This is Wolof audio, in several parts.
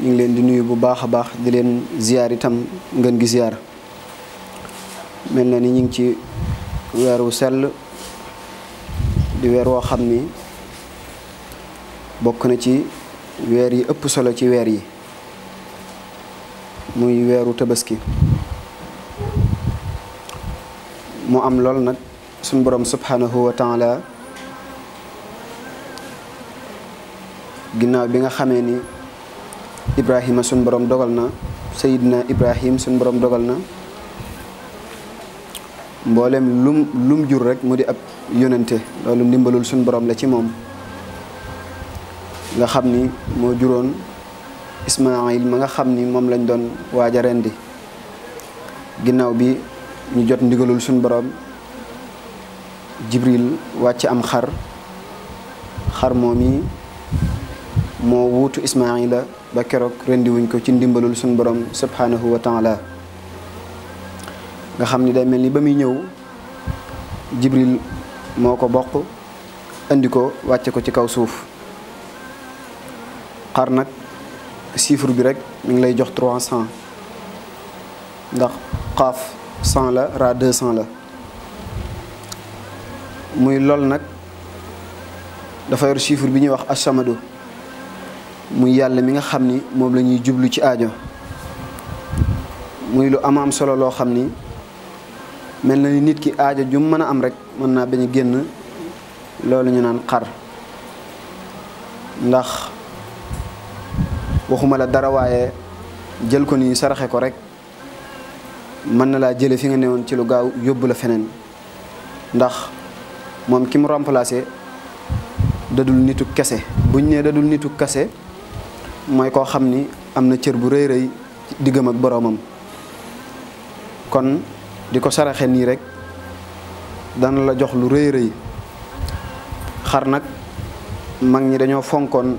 ñu ngi leen di nuyu bu baax a baax di leen ziar itam ngeen gi ziar mel na ni ñu ngi ci weer wu sell di weer woo xam ni bokk na ci weer yi ëpp solo ci weer yi muy weeru tabaski mu am lool nag suñ borom subhanahu wa taala ginnaaw bi nga xamee ni Ibrahima suñ borom dogal na Seydina Ibrahim suñ borom dogal na mboolem lum lum jur rek mu di ab yonente loolu ndimbalul suñ borom la ci moom nga xam ni moo juróon Ismaayil ma nga xam ni moom lañ doon waaja rendi ginnaaw bi ñu jot ndigalul suñ borom Jibril wàcc am xar xar moom moo wuutu la ba keroog rendiwuñ ko ci ndimbalul suñ borom subhanahu wa taala nga xam ni day mel ni ba muy ñëw Jibril moo ko bokk indi ko wàcce ko ci kaw suuf xar nag chiffre bi rek mi ngi lay jox trois cent ndax xaf cent la ra deux cent la muy lool nag dafa yor chiffre bi ñuy wax asamadu muy yàlla mi nga xam ni moom la ñuy jublu ci aajo muy lu am am solo loo xam ni mel na ni nit ki aajo ju mën a am rek mën naa bañ génn loolu ñu naan xar ndax waxuma la dara waaye jël ko nii saraxe ko rek mën na laa jële fi nga newoon ci lu gaaw yóbbu la feneen ndax moom ki mu remplacé dadul nitu kese buñ nee dadul nitu kase mooy koo xam ni am na cër bu rëy rëy diggam ak boroomam kon di ko saraxe nii rek dana la jox lu rëy rëy xar nag mag ñi dañoo fonkoon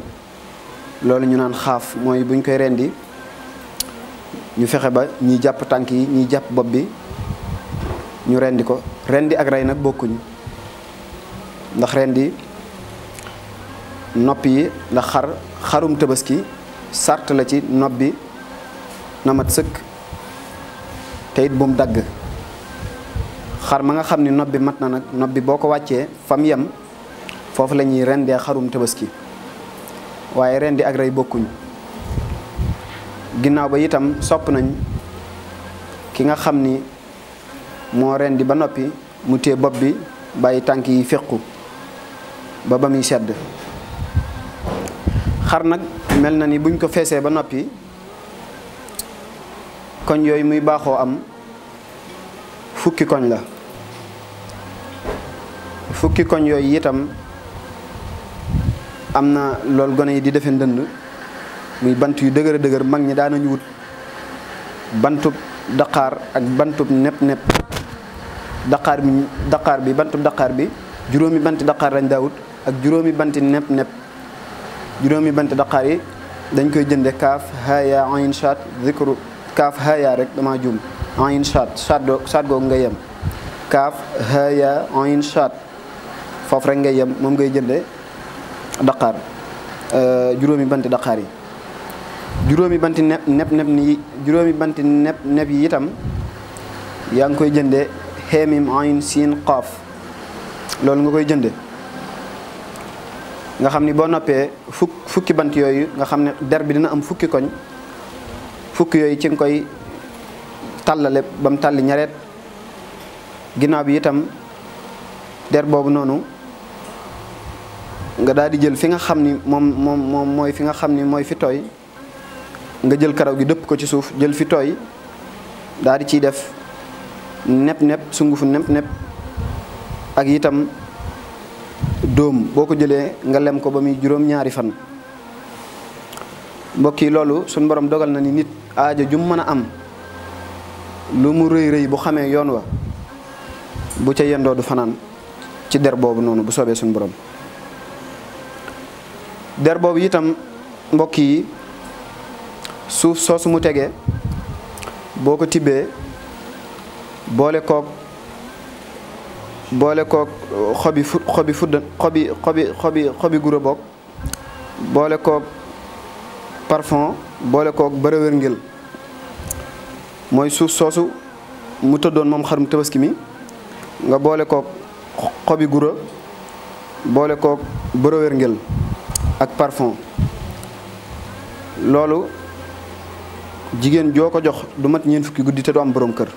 loolu ñu naan xaaf mooy buñ koy rendi ñu fexe ba ñiy jàpp tànk yi ñiy jàpp bopp bi ñu rendi ko rendi ak rey nag bokkuñ ndax rendi nopp yi ndax xar xarum tabaski sart la ci nopp bi na mat sëkk te it bu mu dagg xar ma nga xam ni nopp bi mat na nag nopp bi boo ko wàccee fam yem foofu lañuy ñuy rendee xarum tabaski waaye rendi ak rey bokkuñ ginnaaw ba itam sopp nañ ki nga xam ni moo rendi ba noppi mu téye bopp bi bàyyi tànk yi féqu ba ba muy sedd xar nag mel na ni buñ ko feesee ba noppi koñ yooyu muy baaxoo am fukki koñ la fukki koñ yooyu itam am na lool gone yi di defe ndënd muy bant yu dëgër dëgër mag ñi daanañu wut bantub daqaar ak bantub nepp nepp daqaar bi daqaar bi bantub daqaar bi juróomi banti daqaar lañ daa wut ak juróomi banti nepp nepp juróomi bant daqaar dañ koy jënde kaaf haya ayn chat zikru kaaf haya rek dama juum ayn chat nga yem kaaf haya ayn chat foofu rek ngay yem moom ngay jënde daqaar euh, juróomi banti daqaar yi juróomi banti neb neb ni juróomi banti yi itam yaa ngi koy jënde xeemim ayn siin qaaf loolu nga koy jënde nga xam ni boo noppee fukk fukki bant yooyu nga xam ne der bi dina am fukki koñ fukki yooyu ci koy tàllale ba mu tàlli ñareet ginnaaw bi itam der boobu noonu nga daal jël fi nga xam ni moom moom mooy fi nga xam ni mooy fi tooy nga jël karaw gi dëpp ko ci suuf jël fi tooy daal di ciy def nepp nepp sungufu nepp nepp ak itam dóom boo ko jëlee nga lem ko ba muy juróom-ñaari fan mbokk yi loolu suñ borom dogal na nit aajo jum mën a am lu mu rëy rëy bu xamee yoon wa bu ca yendoo du fanaan ci der boobu noonu bu soobee suñ boroom der boobu itam mbokk yi suuf soosu mu tegee boo ko tibbee boole kook boole kook xobi fu xobi fuddan xobi xobi xobi xobi gura boog boole kook parfon boole kook bërëwër ngil mooy suuf soosu mu tëddoon moom xarum tabaski mi nga boole kook xobi guro boole kook bërëwër ngil ak parfon loolu jigéen joo ko jox du mat ñeent fukki guddi te du am boroom kër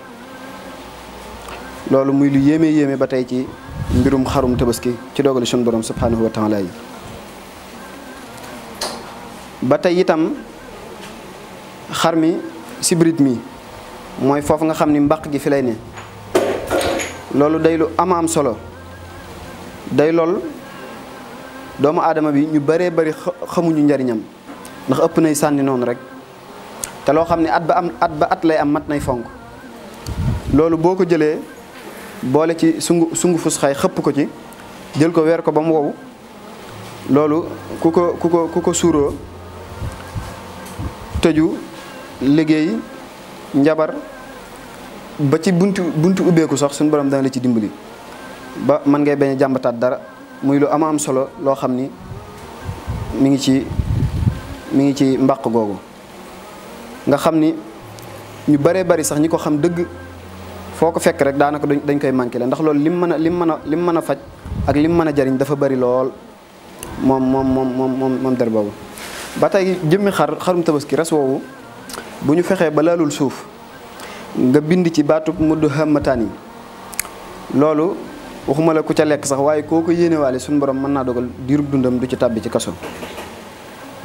loolu muy lu yéeme yéeme ba tey ci mbirum xarum tabaski ci dogali sun borom subhanahu wa taala ba tey itam xar mi sibirit mi mooy foofu nga xam ni mbaq gi fi lay ne loolu day lu ama am solo day lool doomu aadama bi ñu bëree bëri xamuñu njariñam ndax ëpp nay sànni noonu rek te loo xam ne at ba at ba at lay am mat nay fonk loolu boo ko jëlee boole ci sungu sungu fusxaay xëpp ko ci jël ko weer ko ba mu wow loolu ku ko ku ko ku ko suuroo tëju liggéey njabar ba ci buntu buntu ubbeeku sax suñu borom dana la ci dimbali ba mën ngay bañ jàmbataat dara muy lu ama am solo loo xam ni mi ngi ci mu ngi ci mbàq googu nga xam ni ñu baree bari sax ñu ko xam dëgg foo ko fekk rek daanaka dañ koy manqué la ndax loolu lim mën a lim mën a lim mën a faj ak lim mën a jariñ dafa bari lool moom moom moom moom moom boobu. ba tey jëmmi xar xarum tabaski res woowu bu ñu fexee ba laalul suuf nga bind ci baatub mudd xamataan yi loolu waxuma la ku ca lekk sax waaye koo ko yéenewaale suñu borom mën naa dogal diirub dundam du ci tàbbi ci kaso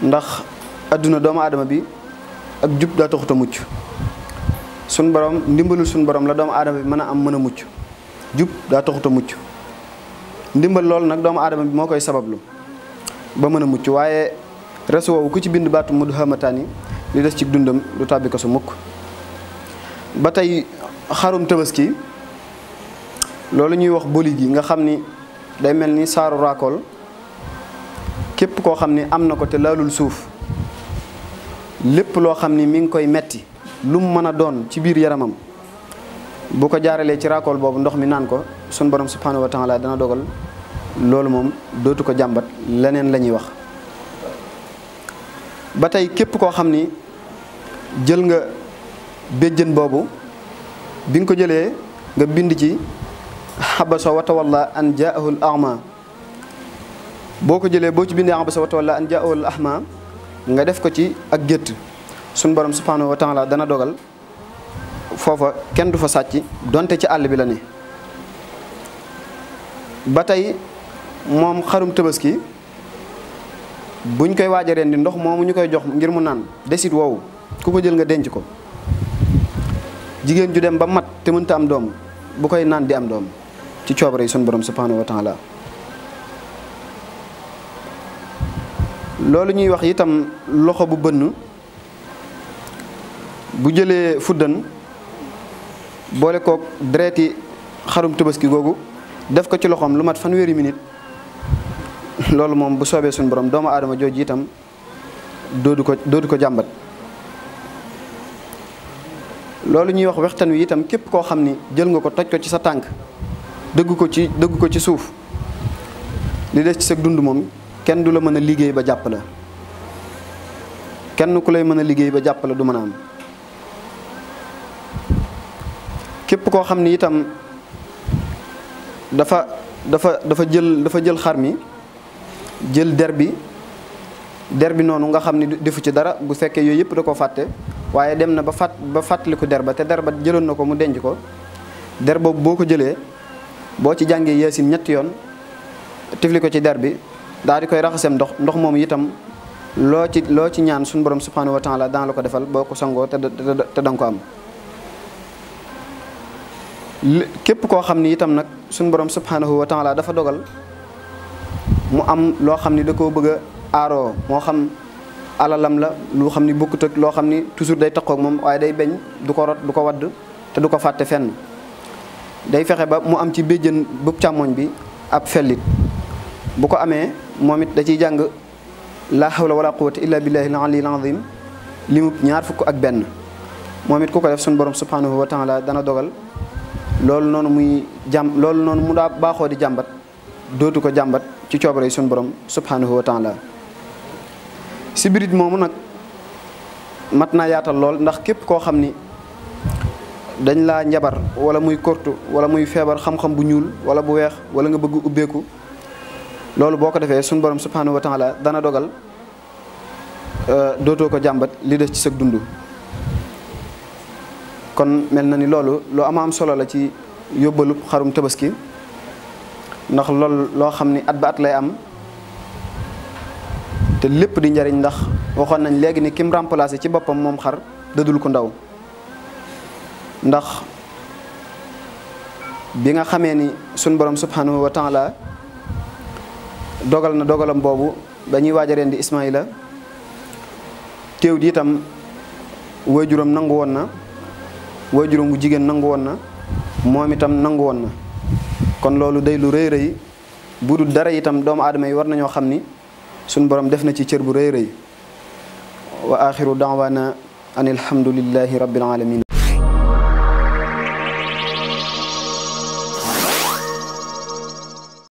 ndax àdduna doomu aadama bi ak jub daa taxut a mucc suñ borom ndimbalul suñ borom la doomu aadama bi mën a am mën a mucc jub daa taxut mucc ndimbal loolu nag doomu aadama bi moo koy sabablu ba mën a mucc waaye res woowu ci bind baatu mu du xamataan yi li des ci dundam du tàbbi ko su mukk ba tey xarum ki loolu ñuy wax boli gi nga xam ni day mel ni saaru raakool képp koo xam ni am na ko te laalul suuf lépp loo xam ni mi ngi koy metti lu mu mën a doon ci biir yaramam boo ko jaaralee ci raakool boobu ndox mi naan ko sun borom subhanahu wa taala dana dogal loolu moom dootu ko jàmbat leneen la ñuy wax ba tey képp koo xam ni jël nga béjjën boobu bi nga ko jëlee nga bind ci xabasa wa tawalla an jaahul ahma boo ko jëlee boo ci bindee xabasa wa tawalla an jaahul ahma nga def ko ci ak gétt suñ borom subhanahu wa taala dana dogal foofa kenn du fa sàcc donte ci àll bi la ne ba tey moom xarum tabaski buñ koy waaja a reen di ndox moom ñu koy jox ngir mu naan desit woowu ku ko jël nga denc ko jigéen ju dem ba mat te mënta am doom bu koy naan di am doom ci coobare yi sun borom subhanahu wa taala loolu ñuy wax itam loxo bu bënn bu jëlee fuddan boole kook dereeti xarum tabaski googu def ko ci loxoom lu mat fanweeri minit loolu moom bu soobee suñu borom doomu aadama jooju itam doodu ko doodu ko jàmbat. loolu ñuy wax waxtaan wi itam képp koo xam ni jël nga ko toj ko ci sa tànk dëgg ko ci dëgg ko ci suuf li des ci sa dund moom kenn du la mën a liggéey ba jàpp la kenn ku lay mën a liggéey ba jàpp la du mën a am. képp koo xam ni itam dafa dafa dafa jël dafa jël xar mi jël der bi der bi noonu nga xam ni defu ci dara bu fekkee yooyu yëpp da ko fàtte waaye dem na ba fàtt ba fàttaliku der ba te der ba jëloon na ko mu denc ko der boobu boo ko jëlee boo ci jàngee yaasin ñetti yoon tifli ko ci der bi daal di koy raxasem ndox ndox moom itam loo ci loo ci ñaan suñu borom subhanahu wa taala daan la ko defal boo ko sangoo te te da ko am képp koo xam ni itam nag suñu borom subhanahu wa taala dafa dogal mu am loo xam ni da koo bëgg a aaroo moo xam alalam la loo xam ni bokkut loo xam ni toujours day taqoog moom waaye day beñ du ko rot du ko wadd te du ko fàtte fenn day fexe ba mu am ci jën bu càmmoñ bi ab fellit bu ko amee moom it da ciy jàng laa hawla wala quwwata illa billahi al-ali al-azim li ñaar fukk ak benn moom it ku ko def suñu borom subhanahu wa taala dana dogal loolu noonu muy jàmm loolu noonu mu daa baaxoo di jàmbat dootu ko jàmbat ci coobare yi suñu borom subhanahu wa taala si birit moomu nag mat naa yaatal lool ndax képp koo xam ni dañ laa njabar wala muy kortu wala muy feebar xam-xam bu ñuul wala bu weex wala nga bëgg ubbeeku loolu boo ko defee suñu borom subhanahu wa taala dana dogal euh, dootoo ko jàmbat lii des ci sa dund kon mel na ni loolu loo ama am solo la ci yóbbalub xarum tabaski ndax loolu loo xam ni at ba at lay am te lépp di njariñ ndax waxoon nañ léegi ni kim remplacé ci boppam moom xar dëdul ko ndaw ndax bi nga xamee ni sun borom subhanahu wa la dogal na dogalam boobu dañuy ñuy waaj a rendi Ismaïla teew di itam waajuram nangu woon na waajuram bu jigéen nangu woon na moom itam nangu woon na kon loolu day lu rëy rëy bu dul dara itam doomu aadama yi war nañoo xam ni suñu borom def na ci cër bu rëy rëy wa axiru daawaana an alhamdulillahi rabbil alamin